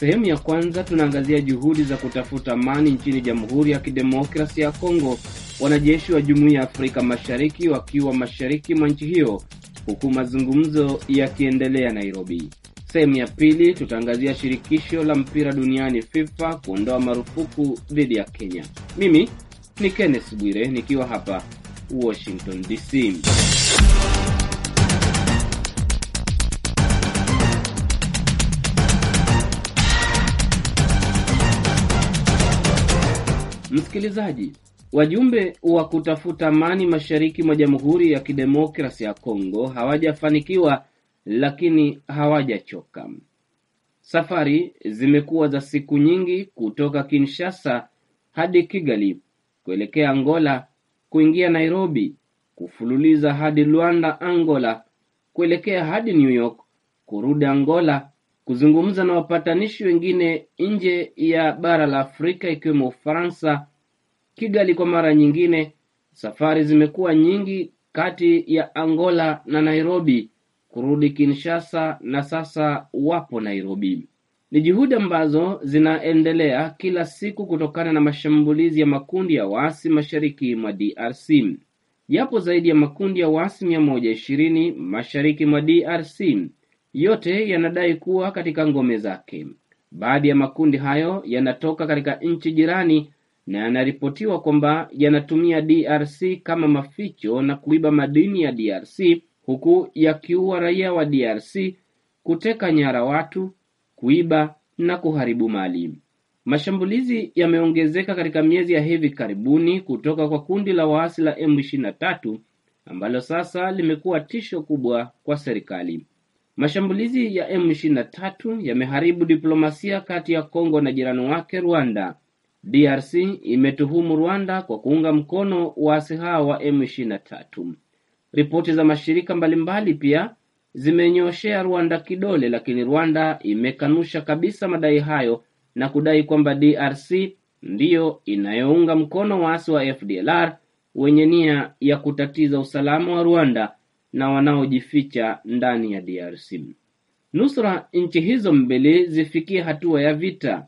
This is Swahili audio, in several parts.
Sehemu ya kwanza tunaangazia juhudi za kutafuta amani nchini Jamhuri ya Kidemokrasia ya Kongo, wanajeshi wa Jumuiya ya Afrika Mashariki wakiwa mashariki mwa nchi hiyo huku mazungumzo yakiendelea Nairobi. Sehemu ya pili tutaangazia shirikisho la mpira duniani FIFA kuondoa marufuku dhidi ya Kenya. Mimi ni Kenneth Bwire nikiwa hapa Washington DC. Msikilizaji, wajumbe wa kutafuta amani mashariki mwa Jamhuri ya Kidemokrasi ya Kongo hawajafanikiwa, lakini hawajachoka. Safari zimekuwa za siku nyingi kutoka Kinshasa hadi Kigali, kuelekea Angola, kuingia Nairobi, kufululiza hadi Luanda, Angola, kuelekea hadi New York, kurudi Angola kuzungumza na wapatanishi wengine nje ya bara la Afrika ikiwemo Ufaransa. Kigali kwa mara nyingine, safari zimekuwa nyingi kati ya Angola na Nairobi kurudi Kinshasa na sasa wapo Nairobi. Ni juhudi ambazo zinaendelea kila siku kutokana na mashambulizi ya makundi ya waasi mashariki mwa DRC. Yapo zaidi ya makundi ya waasi mia moja ishirini mashariki mwa DRC yote yanadai kuwa katika ngome zake. Baadhi ya makundi hayo yanatoka katika nchi jirani na yanaripotiwa kwamba yanatumia DRC kama maficho na kuiba madini ya DRC huku yakiua raia wa DRC, kuteka nyara watu, kuiba na kuharibu mali. Mashambulizi yameongezeka katika miezi ya hivi karibuni kutoka kwa kundi la waasi la M23 ambalo sasa limekuwa tisho kubwa kwa serikali. Mashambulizi ya M23 yameharibu diplomasia kati ya Kongo na jirani wake Rwanda. DRC imetuhumu Rwanda kwa kuunga mkono waasi hao wa M23. Ripoti za mashirika mbalimbali pia zimenyoshea Rwanda kidole, lakini Rwanda imekanusha kabisa madai hayo na kudai kwamba DRC ndiyo inayounga mkono waasi wa FDLR wenye nia ya kutatiza usalama wa Rwanda na wanaojificha ndani ya DRC. Nusra nchi hizo mbili zifikie hatua ya vita.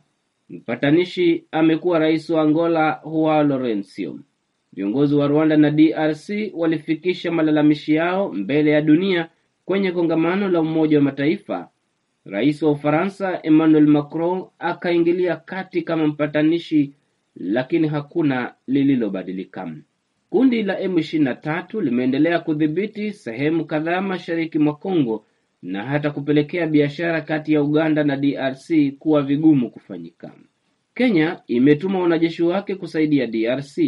Mpatanishi amekuwa rais wa Angola Joao Lourenco. Viongozi wa Rwanda na DRC walifikisha malalamishi yao mbele ya dunia kwenye kongamano la Umoja wa Mataifa. Rais wa Ufaransa Emmanuel Macron akaingilia kati kama mpatanishi, lakini hakuna lililobadilika. Kundi la M23 limeendelea kudhibiti sehemu kadhaa mashariki mwa Kongo na hata kupelekea biashara kati ya Uganda na DRC kuwa vigumu kufanyika. Kenya imetuma wanajeshi wake kusaidia DRC.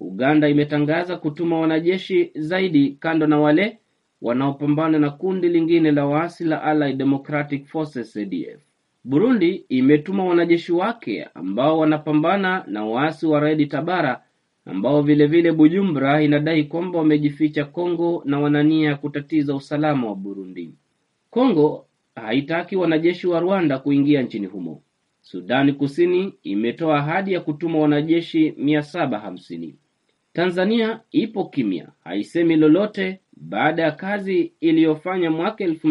Uganda imetangaza kutuma wanajeshi zaidi kando na wale wanaopambana na kundi lingine la waasi la Allied Democratic Forces ADF. Burundi imetuma wanajeshi wake ambao wanapambana na waasi wa Red Tabara ambao vilevile Bujumbura inadai kwamba wamejificha Kongo na wanania kutatiza usalama wa Burundi. Kongo haitaki wanajeshi wa Rwanda kuingia nchini humo. Sudani Kusini imetoa ahadi ya kutuma wanajeshi 750 hamsini. Tanzania ipo kimya, haisemi lolote baada ya kazi iliyofanya mwaka elfu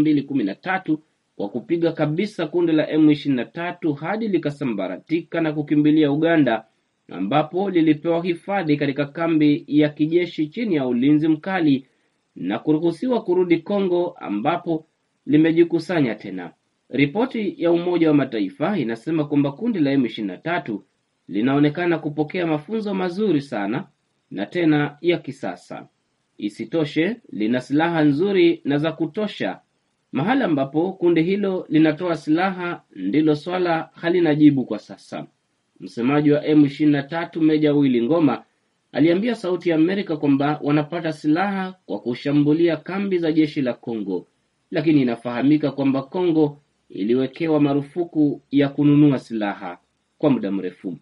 tatu kwa kupiga kabisa kundi la M23 hadi likasambaratika na kukimbilia Uganda ambapo lilipewa hifadhi katika kambi ya kijeshi chini ya ulinzi mkali na kuruhusiwa kurudi Kongo ambapo limejikusanya tena. Ripoti ya Umoja wa Mataifa inasema kwamba kundi la M23 linaonekana kupokea mafunzo mazuri sana na tena ya kisasa. Isitoshe, lina silaha nzuri na za kutosha. mahala ambapo kundi hilo linatoa silaha ndilo swala halina jibu kwa sasa. Msemaji wa M 23 Meja Willy Ngoma aliambia Sauti ya Amerika kwamba wanapata silaha kwa kushambulia kambi za jeshi la Kongo, lakini inafahamika kwamba Kongo iliwekewa marufuku ya kununua silaha kwa muda mrefu.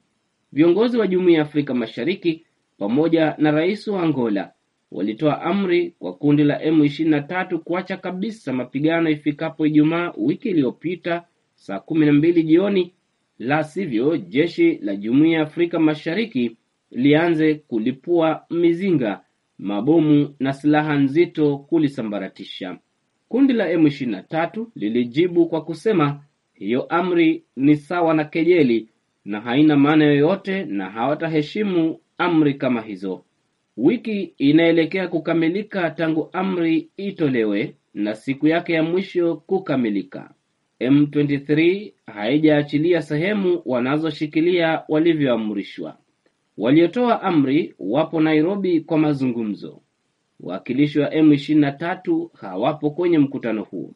Viongozi wa Jumuiya ya Afrika Mashariki pamoja na rais wa Angola walitoa amri kwa kundi la M23 kuacha kabisa mapigano ifikapo Ijumaa wiki iliyopita saa kumi na mbili jioni la sivyo jeshi la Jumuiya ya Afrika Mashariki lianze kulipua mizinga, mabomu na silaha nzito kulisambaratisha. Kundi la M23 lilijibu kwa kusema hiyo amri ni sawa na kejeli na haina maana yoyote na hawataheshimu amri kama hizo. Wiki inaelekea kukamilika tangu amri itolewe na siku yake ya mwisho kukamilika. M23 haijaachilia sehemu wanazoshikilia walivyoamrishwa. Waliotoa amri wapo Nairobi kwa mazungumzo. Wawakilishi wa M23 hawapo kwenye mkutano huo.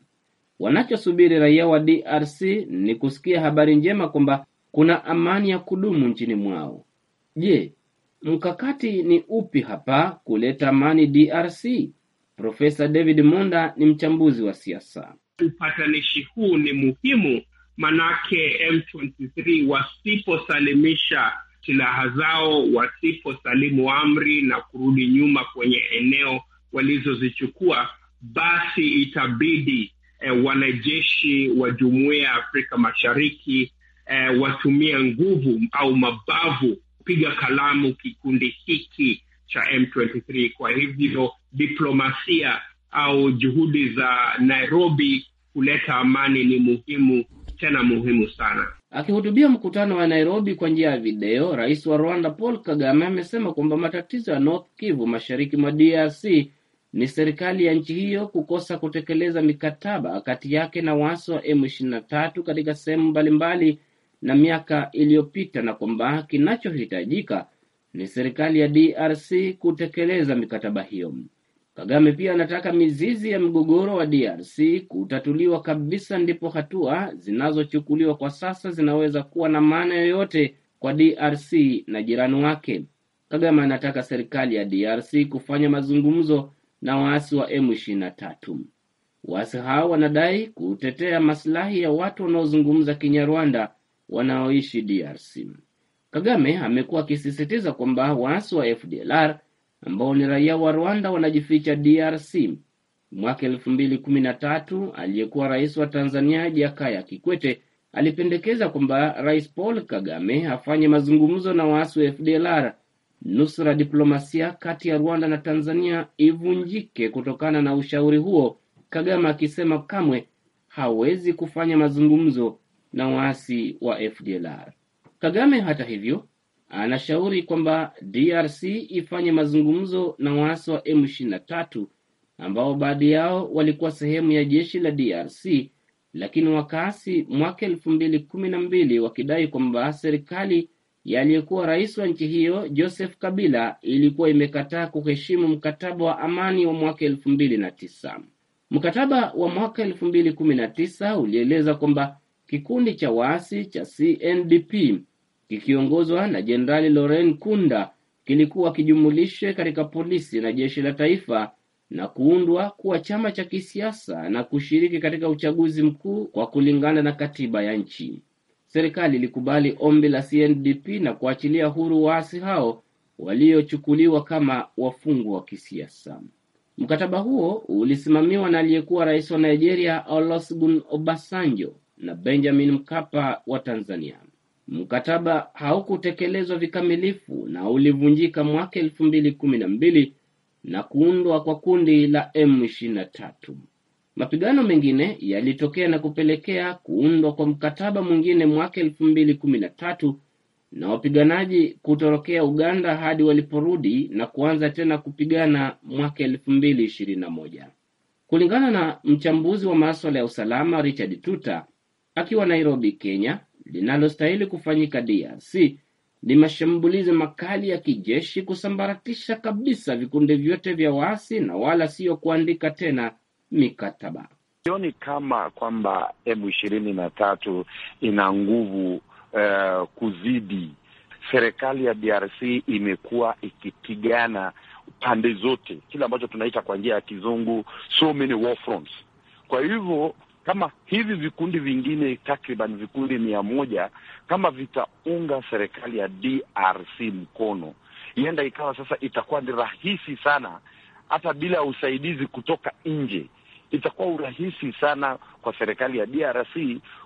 Wanachosubiri raia wa DRC ni kusikia habari njema kwamba kuna amani ya kudumu nchini mwao. Je, mkakati ni upi hapa kuleta amani DRC? Profesa David Monda ni mchambuzi wa siasa upatanishi huu ni muhimu, manake M23 wasiposalimisha silaha zao, wasiposalimu amri na kurudi nyuma kwenye eneo walizozichukua, basi itabidi eh, wanajeshi wa Jumuiya ya Afrika Mashariki eh, watumie nguvu au mabavu kupiga kalamu kikundi hiki cha M23. Kwa hivyo diplomasia au juhudi za Nairobi kuleta amani ni muhimu tena muhimu sana. Akihutubia mkutano wa Nairobi kwa njia ya video, rais wa Rwanda Paul Kagame amesema kwamba matatizo ya North Kivu mashariki mwa DRC ni serikali ya nchi hiyo kukosa kutekeleza mikataba kati yake na waasi wa M23 katika sehemu mbalimbali na miaka iliyopita, na kwamba kinachohitajika ni serikali ya DRC kutekeleza mikataba hiyo. Kagame pia anataka mizizi ya mgogoro wa DRC kutatuliwa kabisa, ndipo hatua zinazochukuliwa kwa sasa zinaweza kuwa na maana yoyote kwa DRC na jirani wake. Kagame anataka serikali ya DRC kufanya mazungumzo na waasi wa M23. Waasi hao wanadai kutetea masilahi ya watu wanaozungumza Kinyarwanda wanaoishi DRC. Kagame amekuwa akisisitiza kwamba waasi wa FDLR ambao ni raia wa Rwanda wanajificha DRC. Mwaka elfu mbili kumi na tatu aliyekuwa rais wa Tanzania Jakaya Kikwete alipendekeza kwamba rais Paul Kagame afanye mazungumzo na waasi wa FDLR nusra diplomasia kati ya Rwanda na Tanzania ivunjike kutokana na ushauri huo, Kagame akisema kamwe hawezi kufanya mazungumzo na waasi wa FDLR. Kagame hata hivyo anashauri kwamba DRC ifanye mazungumzo na waasi wa M23 ambao baadhi yao walikuwa sehemu ya jeshi la DRC lakini wakaasi mwaka elfu mbili kumi na mbili wakidai kwamba serikali yaliyekuwa rais wa nchi hiyo Joseph Kabila ilikuwa imekataa kuheshimu mkataba wa amani wa mwaka elfu mbili na tisa. Mkataba wa mwaka elfu mbili kumi na tisa ulieleza kwamba kikundi cha waasi cha CNDP kikiongozwa na Jenerali loren Kunda kilikuwa kijumulishe katika polisi na jeshi la taifa na kuundwa kuwa chama cha kisiasa na kushiriki katika uchaguzi mkuu kwa kulingana na katiba ya nchi. Serikali ilikubali ombi la CNDP na kuachilia huru waasi hao waliochukuliwa kama wafungwa wa kisiasa. Mkataba huo ulisimamiwa na aliyekuwa rais wa Nigeria Olusegun Obasanjo na Benjamin Mkapa wa Tanzania. Mkataba haukutekelezwa vikamilifu na ulivunjika mwaka elfu mbili kumi na mbili na kuundwa kwa kundi la M23. Mapigano mengine yalitokea na kupelekea kuundwa kwa mkataba mwingine mwaka elfu mbili kumi na tatu na wapiganaji kutorokea Uganda hadi waliporudi na kuanza tena kupigana mwaka elfu mbili ishirini na moja. Kulingana na mchambuzi wa maswala ya usalama Richard Tuta akiwa Nairobi, Kenya, linalostahili kufanyika DRC ni mashambulizi makali ya kijeshi kusambaratisha kabisa vikundi vyote vya waasi na wala siyo kuandika tena mikataba. Sioni kama kwamba M ishirini na tatu ina nguvu uh, kuzidi serikali ya DRC. Imekuwa ikipigana pande zote, kile ambacho tunaita kwa njia ya kizungu so many war fronts. Kwa hivyo kama hivi vikundi vingine takriban vikundi mia moja kama vitaunga serikali ya DRC mkono, ienda ikawa sasa itakuwa ni rahisi sana, hata bila usaidizi kutoka nje, itakuwa urahisi sana kwa serikali ya DRC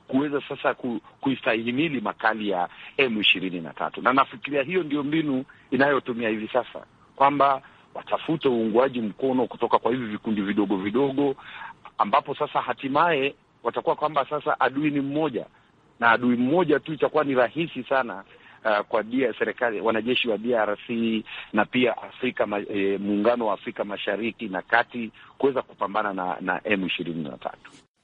kuweza sasa ku, kuistahimili makali ya M ishirini na tatu, na nafikiria hiyo ndio mbinu inayotumia hivi sasa kwamba watafute uungwaji mkono kutoka kwa hivi vikundi vidogo vidogo ambapo sasa hatimaye watakuwa kwamba sasa adui ni mmoja na adui mmoja tu, itakuwa ni rahisi sana uh, kwa dia serikali, wanajeshi wa DRC na pia Afrika e, muungano wa Afrika Mashariki na Kati kuweza kupambana na, na M23.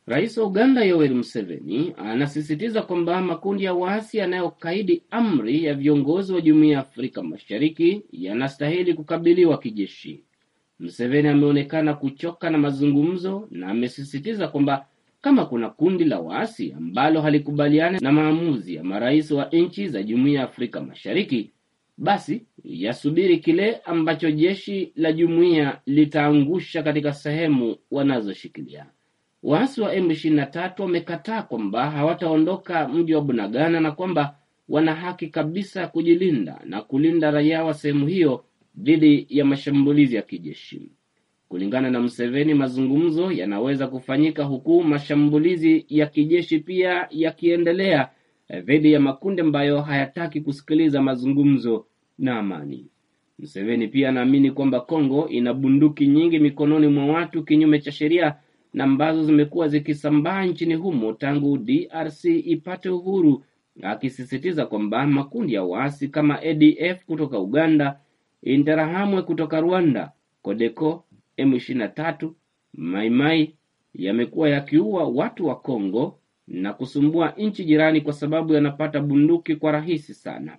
Rais wa Uganda Yoweri Museveni anasisitiza kwamba makundi ya waasi yanayokaidi amri ya viongozi wa Jumuiya ya Afrika Mashariki yanastahili kukabiliwa kijeshi mseveni ameonekana kuchoka na mazungumzo na amesisitiza kwamba kama kuna kundi la waasi ambalo halikubaliani na maamuzi ya marais wa nchi za Jumuiya ya Afrika Mashariki, basi yasubiri kile ambacho jeshi la jumuiya litaangusha katika sehemu wanazoshikilia. Waasi wa M23 wamekataa kwamba hawataondoka mji wa Bunagana na kwamba wana haki kabisa ya kujilinda na kulinda raia wa sehemu hiyo dhidi ya mashambulizi ya kijeshi. Kulingana na mseveni mazungumzo yanaweza kufanyika huku mashambulizi ya kijeshi pia yakiendelea eh, dhidi ya makundi ambayo hayataki kusikiliza mazungumzo na amani. mseveni pia anaamini kwamba Kongo ina bunduki nyingi mikononi mwa watu kinyume cha sheria na ambazo zimekuwa zikisambaa nchini humo tangu DRC ipate uhuru, akisisitiza kwamba makundi ya waasi kama ADF kutoka Uganda Interahamwe kutoka Rwanda, Kodeko, M23, Maimai yamekuwa yakiua watu wa Kongo na kusumbua nchi jirani kwa sababu yanapata bunduki kwa rahisi sana.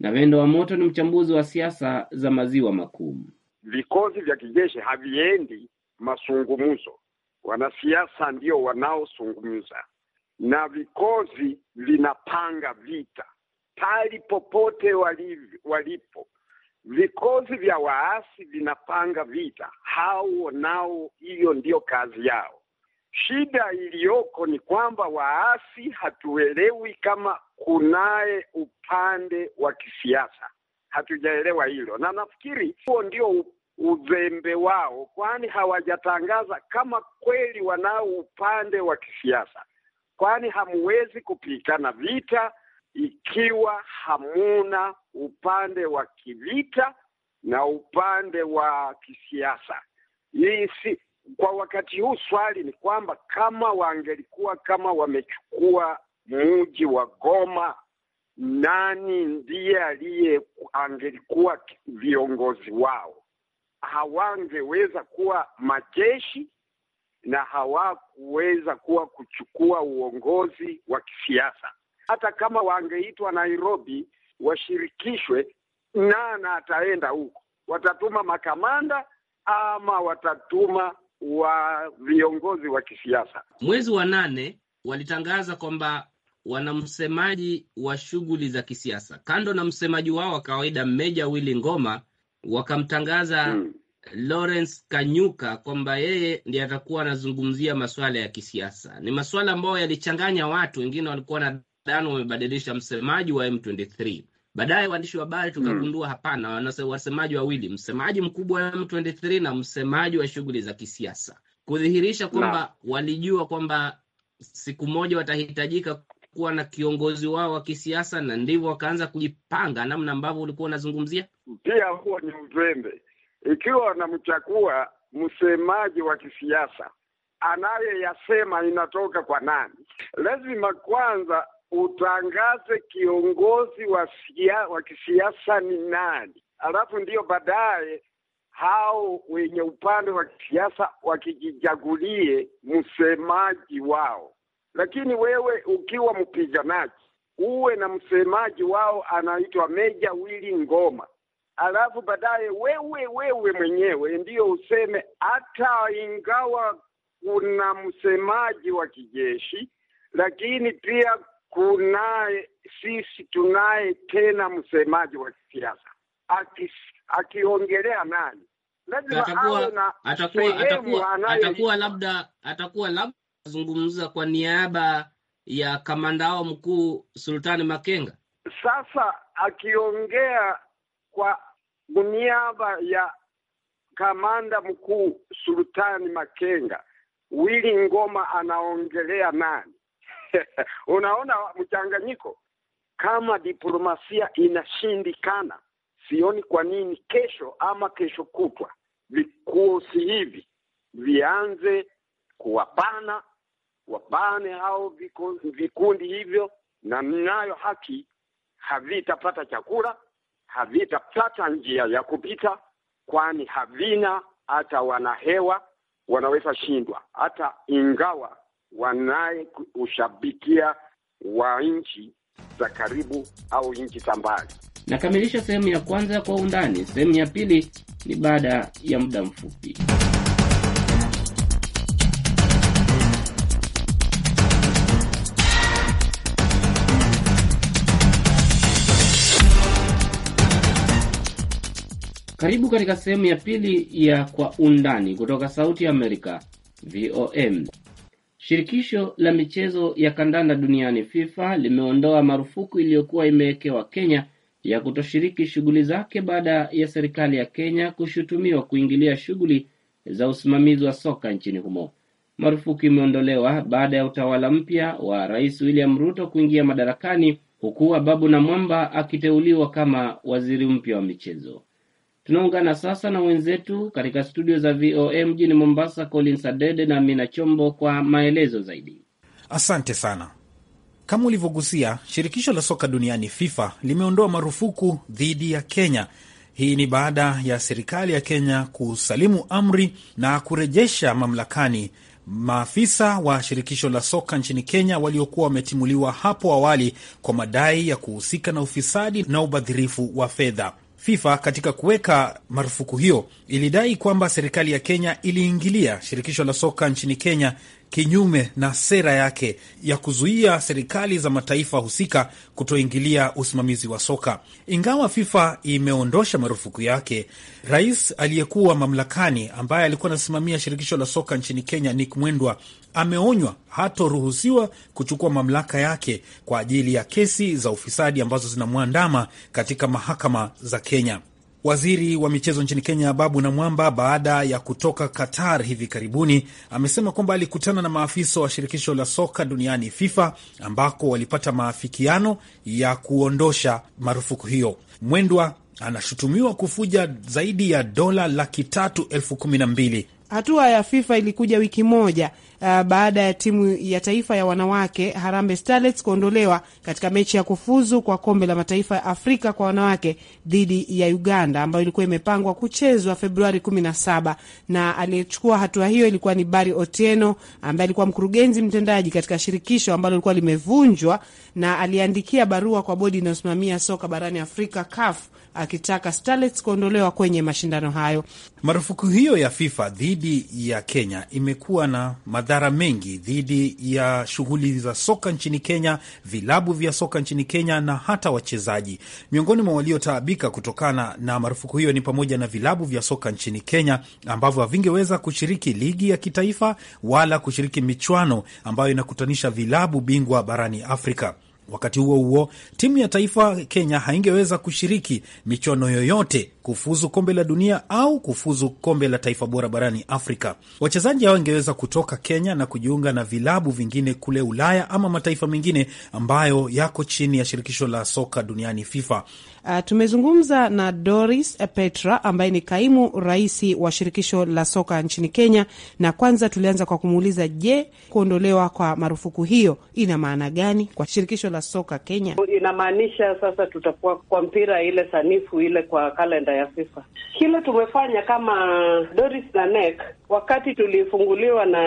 Na Vendo wa Moto ni mchambuzi wa siasa za maziwa makuu. Vikosi vya kijeshi haviendi masungumuzo, wanasiasa ndio wanaosungumza na vikosi vinapanga vita pali popote walipo, Vikosi vya waasi vinapanga vita, hao nao hiyo ndiyo kazi yao. Shida iliyoko ni kwamba waasi hatuelewi kama kunaye upande wa kisiasa, hatujaelewa hilo, na nafikiri huo ndio uzembe wao, kwani hawajatangaza kama kweli wanao upande wa kisiasa, kwani hamuwezi kupigana vita ikiwa hamuna upande wa kivita na upande wa kisiasa. Hii si kwa wakati huu. Swali ni kwamba kama wangelikuwa kama wamechukua muji wa Goma, nani ndiye aliye angelikuwa viongozi wao? Hawangeweza kuwa majeshi na hawakuweza kuwa kuchukua uongozi wa kisiasa hata kama wangeitwa Nairobi washirikishwe, nana ataenda huko? Watatuma makamanda ama watatuma wa viongozi wa kisiasa? Mwezi wa nane walitangaza kwamba wana msemaji wa shughuli za kisiasa kando na msemaji wao wa kawaida Meja Willy Ngoma, wakamtangaza hmm, Lawrence Kanyuka kwamba yeye ndiye atakuwa anazungumzia masuala ya kisiasa. Ni masuala ambayo yalichanganya watu, wengine walikuwa tano wamebadilisha msemaji wa M23. Baadaye waandishi wa habari hmm. tukagundua hmm, hapana, wanase wasemaji wawili, msemaji mkubwa wa M23 na msemaji wa shughuli za kisiasa, kudhihirisha kwamba walijua kwamba siku moja watahitajika kuwa na kiongozi wao wa kisiasa, na ndivyo wakaanza kujipanga namna ambavyo ulikuwa unazungumzia. Pia huo ni uzembe, ikiwa wanamchagua msemaji wa kisiasa anayeyasema inatoka kwa nani, lazima kwanza utangaze kiongozi wa, siya, wa kisiasa ni nani, alafu ndiyo baadaye hao wenye upande wa kisiasa wakijichagulie msemaji wao. Lakini wewe ukiwa mpiganaji uwe na msemaji wao anaitwa Meja Willy Ngoma, alafu baadaye wewe wewe mwenyewe ndiyo useme, hata ingawa kuna msemaji wa kijeshi, lakini pia kunaye, sisi tunaye tena msemaji wa kisiasa akiongelea nani, lazima awe na sehemu atakuwa labda atakuwa labda zungumza kwa niaba ya kamanda wao mkuu Sultani Makenga. Sasa akiongea kwa niaba ya kamanda mkuu Sultani Makenga, Willy Ngoma anaongelea nani? Unaona mchanganyiko. Kama diplomasia inashindikana, sioni kwa nini kesho ama kesho kutwa vikosi hivi vianze kuwabana, wabane hao vikundi hivyo, na mnayo haki, havitapata chakula, havitapata njia ya kupita, kwani havina hata wanahewa, wanaweza shindwa hata ingawa wanayeushabikia wa nchi za karibu au nchi za mbali. Nakamilisha sehemu ya kwanza kwa undani. Sehemu ya pili ni baada ya muda mfupi. Karibu katika sehemu ya pili ya kwa undani kutoka Sauti ya Amerika, VOM. Shirikisho la michezo ya kandanda duniani FIFA limeondoa marufuku iliyokuwa imewekewa Kenya ya kutoshiriki shughuli zake baada ya serikali ya Kenya kushutumiwa kuingilia shughuli za usimamizi wa soka nchini humo. Marufuku imeondolewa baada ya utawala mpya wa Rais William Ruto kuingia madarakani huku Ababu Namwamba akiteuliwa kama waziri mpya wa michezo. Tunaungana sasa na wenzetu katika studio za VOA mjini Mombasa, Collins Adede na Amina Chombo kwa maelezo zaidi. Asante sana. Kama ulivyogusia, shirikisho la soka duniani FIFA limeondoa marufuku dhidi ya Kenya. Hii ni baada ya serikali ya Kenya kusalimu amri na kurejesha mamlakani maafisa wa shirikisho la soka nchini Kenya waliokuwa wametimuliwa hapo awali kwa madai ya kuhusika na ufisadi na ubadhirifu wa fedha. FIFA katika kuweka marufuku hiyo ilidai kwamba serikali ya Kenya iliingilia shirikisho la soka nchini Kenya kinyume na sera yake ya kuzuia serikali za mataifa husika kutoingilia usimamizi wa soka. Ingawa FIFA imeondosha marufuku yake, rais aliyekuwa mamlakani ambaye alikuwa anasimamia shirikisho la soka nchini Kenya, Nick Mwendwa, ameonywa hatoruhusiwa kuchukua mamlaka yake kwa ajili ya kesi za ufisadi ambazo zinamwandama katika mahakama za Kenya. Waziri wa michezo nchini Kenya Babu Namwamba, baada ya kutoka Qatar hivi karibuni, amesema kwamba alikutana na maafisa wa shirikisho la soka duniani FIFA, ambako walipata maafikiano ya kuondosha marufuku hiyo. Mwendwa anashutumiwa kufuja zaidi ya dola laki tatu elfu kumi na mbili Hatua ya FIFA ilikuja wiki moja uh, baada ya timu ya taifa ya wanawake Harambee Starlets kuondolewa katika mechi ya kufuzu kwa kombe la mataifa ya Afrika kwa wanawake dhidi ya Uganda ambayo ilikuwa imepangwa kuchezwa Februari 17, na aliyechukua hatua hiyo ilikuwa ni Barry Otieno ambaye alikuwa mkurugenzi mtendaji katika shirikisho ambalo lilikuwa limevunjwa, na aliandikia barua kwa bodi inayosimamia soka barani Afrika CAF akitaka Starlets kuondolewa kwenye mashindano hayo. Marufuku hiyo ya FIFA dhidi ya Kenya imekuwa na madhara mengi dhidi ya shughuli za soka nchini Kenya, vilabu vya soka nchini Kenya na hata wachezaji. Miongoni mwa waliotaabika kutokana na marufuku hiyo ni pamoja na vilabu vya soka nchini Kenya ambavyo havingeweza kushiriki ligi ya kitaifa wala kushiriki michuano ambayo inakutanisha vilabu bingwa barani Afrika. Wakati huo huo, timu ya taifa Kenya haingeweza kushiriki michuano yoyote, kufuzu kombe la dunia au kufuzu kombe la taifa bora barani Afrika. Wachezaji wangeweza kutoka Kenya na kujiunga na vilabu vingine kule Ulaya ama mataifa mengine ambayo yako chini ya shirikisho la soka duniani FIFA. Uh, tumezungumza na Doris Petra ambaye ni kaimu rais wa shirikisho la soka nchini Kenya, na kwanza tulianza kwa kumuuliza, je, kuondolewa kwa marufuku hiyo ina maana gani kwa shirikisho la soka Kenya? Inamaanisha sasa tutakuwa kwa mpira ile sanifu ile kwa kalenda ya FIFA. Kile tumefanya kama Doris na NEC, wakati tulifunguliwa na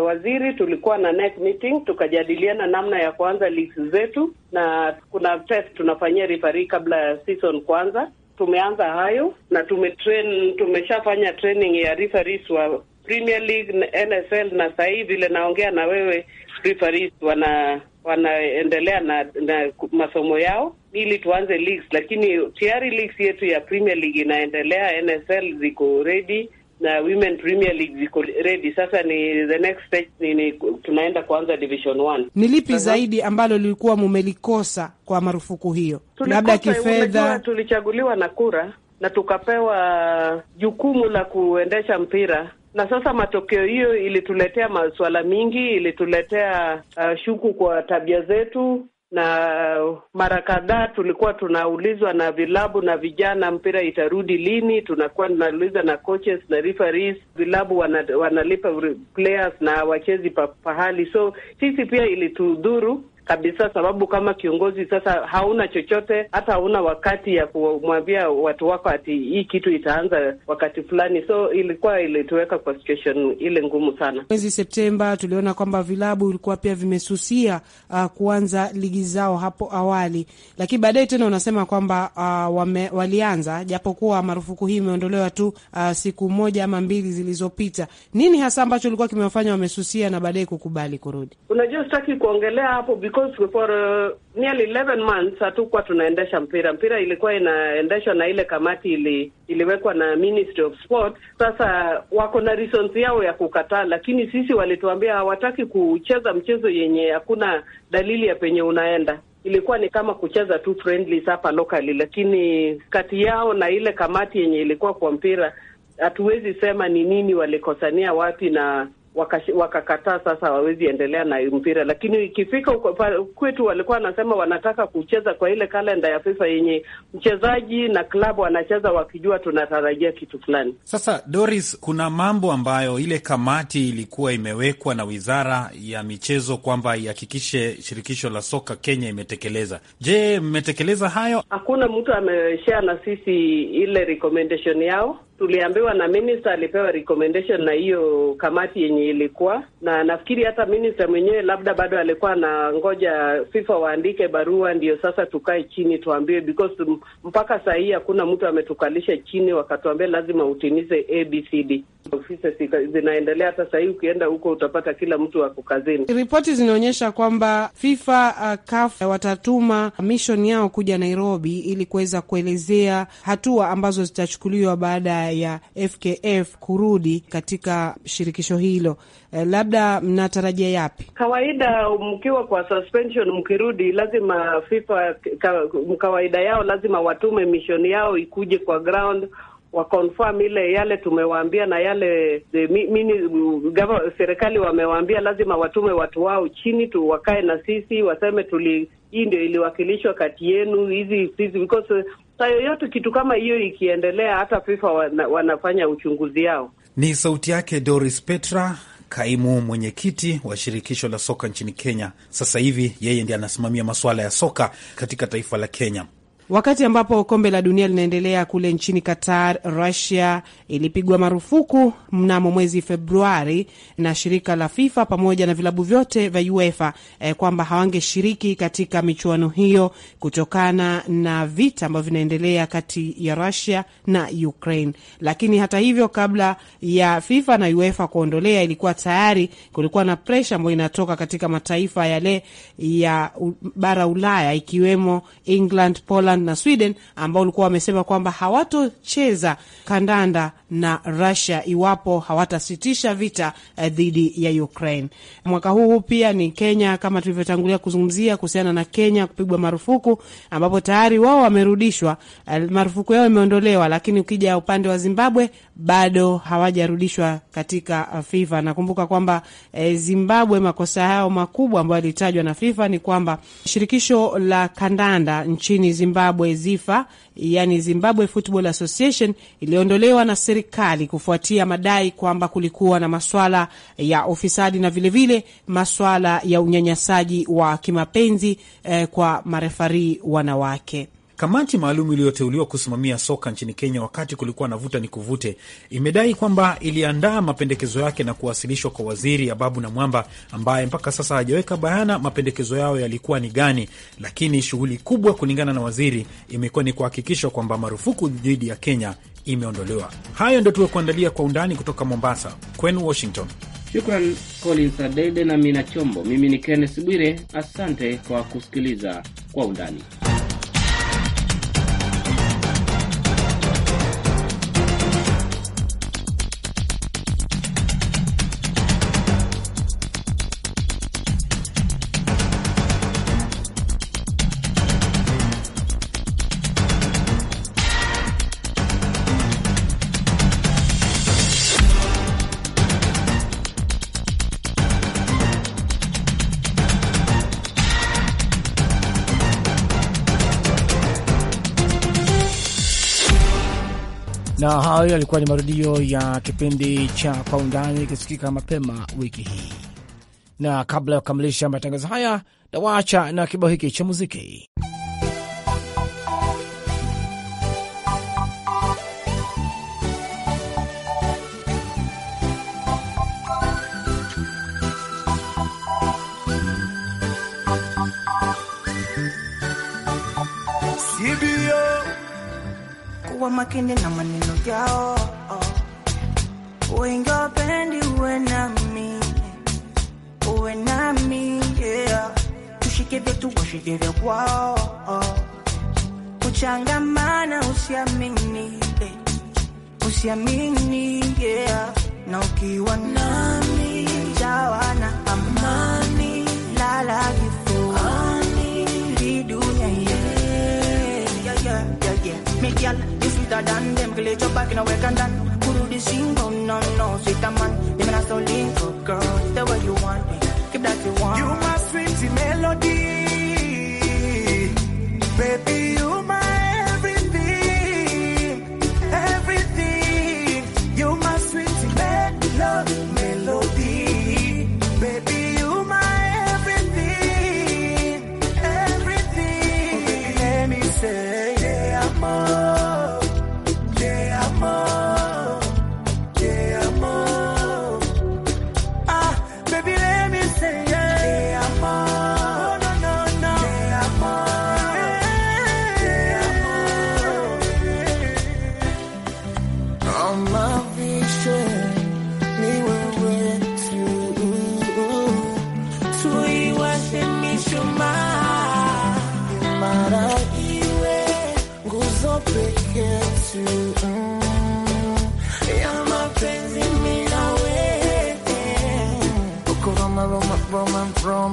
waziri, tulikuwa na NEC meeting, tukajadiliana namna ya kuanza ligi zetu, na kuna test tunafanyia rifari kabla ya season kwanza. Tumeanza hayo na tumetrain, tumeshafanya training ya referees wa Premier League, NFL na sasa hivi vile naongea na wewe referees wana wanaendelea na, na masomo yao ili tuanze leagues, lakini tayari leagues yetu ya Premier League inaendelea, NFL ziko ready na Women Premier League ziko ready. Sasa ni the next stage ni, ni tunaenda kuanza division one. Ni lipi Sasa, zaidi ambalo lilikuwa mumelikosa kwa marufuku hiyo? Labda kifedha, tulichaguliwa na kura na tukapewa jukumu la kuendesha mpira na sasa matokeo hiyo ilituletea masuala mingi, ilituletea uh, shuku kwa tabia zetu, na mara kadhaa tulikuwa tunaulizwa na vilabu na vijana, mpira itarudi lini? Tunakuwa tunauliza na coaches na referees, vilabu wanalipa wana players na wachezi pahali. So sisi pia ilitudhuru, kabisa, sababu kama kiongozi sasa hauna chochote, hata hauna wakati ya kumwambia watu wako ati hii kitu itaanza wakati fulani, so ilikuwa ilituweka kwa situation ile ngumu sana. Mwezi Septemba tuliona kwamba vilabu ilikuwa pia vimesusia uh, kuanza ligi zao hapo awali, lakini baadaye tena unasema kwamba uh, wame, walianza japokuwa marufuku hii imeondolewa tu uh, siku moja ama mbili zilizopita. Nini hasa ambacho ulikuwa kimewafanya wamesusia na baadaye kukubali kurudi? Unajua, sitaki kuongelea hapo because because for uh, nearly 11 months hatukuwa tunaendesha mpira. Mpira ilikuwa inaendeshwa na ile kamati ili, iliwekwa na Ministry of Sport. Sasa wako na reasons yao ya kukataa, lakini sisi walituambia hawataki kucheza mchezo yenye hakuna dalili ya penye unaenda ilikuwa ni kama kucheza tu friendly hapa locally, lakini kati yao na ile kamati yenye ilikuwa kwa mpira hatuwezi sema ni nini walikosania wapi na wakakataa waka, sasa wawezi endelea na mpira, lakini ikifika kwetu walikuwa wanasema wanataka kucheza kwa ile kalenda ya FIFA yenye mchezaji na klabu wanacheza wakijua tunatarajia kitu fulani. Sasa Doris, kuna mambo ambayo ile kamati ilikuwa imewekwa na wizara ya michezo kwamba ihakikishe shirikisho la soka Kenya imetekeleza. Je, mmetekeleza hayo? Hakuna mtu ameshare na sisi ile recommendation yao tuliambiwa na minister alipewa recommendation na hiyo kamati yenye ilikuwa na, nafikiri hata minister mwenyewe labda bado alikuwa na ngoja FIFA waandike barua ndio sasa tukae chini tuambiwe, because mpaka saa hii hakuna mtu ametukalisha chini wakatuambia lazima utimize ABCD ofisi zinaendelea sasa hii, ukienda huko utapata kila mtu ako kazini. Ripoti zinaonyesha kwamba FIFA uh, CAF watatuma mission yao kuja Nairobi ili kuweza kuelezea hatua ambazo zitachukuliwa baada ya FKF kurudi katika shirikisho hilo. Uh, labda mnatarajia yapi? Kawaida mkiwa kwa suspension, mkirudi lazima FIFA ka, kawaida yao lazima watume mission yao ikuje kwa ground confirm ile yale tumewaambia na yale serikali wamewaambia, lazima watume watu wao chini tu wakae na sisi, waseme tuli hii ndio iliwakilishwa kati yenu hizi sisi, because saa yoyote kitu kama hiyo ikiendelea, hata FIFA wana, wanafanya uchunguzi yao. Ni sauti yake Doris Petra, kaimu mwenyekiti wa shirikisho la soka nchini Kenya. Sasa hivi yeye ndiye anasimamia masuala ya soka katika taifa la Kenya. Wakati ambapo kombe la dunia linaendelea kule nchini Qatar, Russia ilipigwa marufuku mnamo mwezi Februari na shirika la FIFA pamoja na vilabu vyote vya UEFA eh, kwamba hawangeshiriki katika michuano hiyo kutokana na vita ambavyo vinaendelea kati ya Russia na Ukraine. Lakini hata hivyo, kabla ya FIFA na UEFA kuondolea, ilikuwa tayari kulikuwa na presha ambayo inatoka katika mataifa yale ya bara Ulaya ikiwemo England, Poland Finland na Sweden ambao walikuwa wamesema kwamba hawatocheza kandanda na Russia iwapo hawatasitisha vita eh, dhidi ya Ukraine. Mwaka huu pia ni Kenya, kama tulivyotangulia kuzungumzia kuhusiana na Kenya kupigwa marufuku, ambapo tayari wao wamerudishwa, eh, marufuku yao imeondolewa, lakini ukija upande wa Zimbabwe bado hawajarudishwa katika eh, FIFA. Nakumbuka kwamba e, Zimbabwe makosa yao makubwa ambayo yalitajwa na FIFA ni kwamba shirikisho la kandanda nchini Zimbabwe Zimbabwe ZIFA, yani Zimbabwe Football Association, iliondolewa na serikali kufuatia madai kwamba kulikuwa na maswala ya ufisadi na vilevile vile maswala ya unyanyasaji wa kimapenzi eh, kwa marefarii wanawake. Kamati maalum iliyoteuliwa kusimamia soka nchini Kenya wakati kulikuwa na vuta ni kuvute imedai kwamba iliandaa mapendekezo yake na kuwasilishwa kwa waziri Ababu na Mwamba, ambaye mpaka sasa hajaweka bayana mapendekezo yao yalikuwa ni gani. Lakini shughuli kubwa, kulingana na waziri, imekuwa ni kuhakikisha kwamba marufuku dhidi ya Kenya imeondolewa. Hayo ndio tuwekuandalia kwa undani kutoka Mombasa, kwenu Washington. Shukran Collins Adede na Mina Chombo. Mimi ni kennes Bwire, asante kwa kusikiliza kwa undani. na hayo yalikuwa ni marudio ya kipindi cha Kwa Undani ikisikika mapema wiki hii, na kabla ya kukamilisha matangazo haya, nawaacha na kibao hiki cha muziki. kuwa makini na maneno yao. Oh, wengi wapendi uwe nami, uwe nami yeah. Tushike vyetu washike vya kwao. Oh, kuchangamana usiamini, eh, usiamini yeah. Na ukiwa nami jawa na amani lala kifua hii dunia yeah, yeah, yeah, yeah, yeah. sweeter than them. Can your back in a work and done. Who do this thing? Oh, no, no, man. Even oh, the way you want me. Keep that you want. You my sweet melody. Baby, you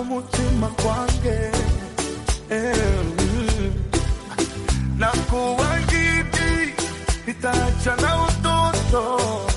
kumutima kwake eh, mm. na kuwa nitaacha na utoto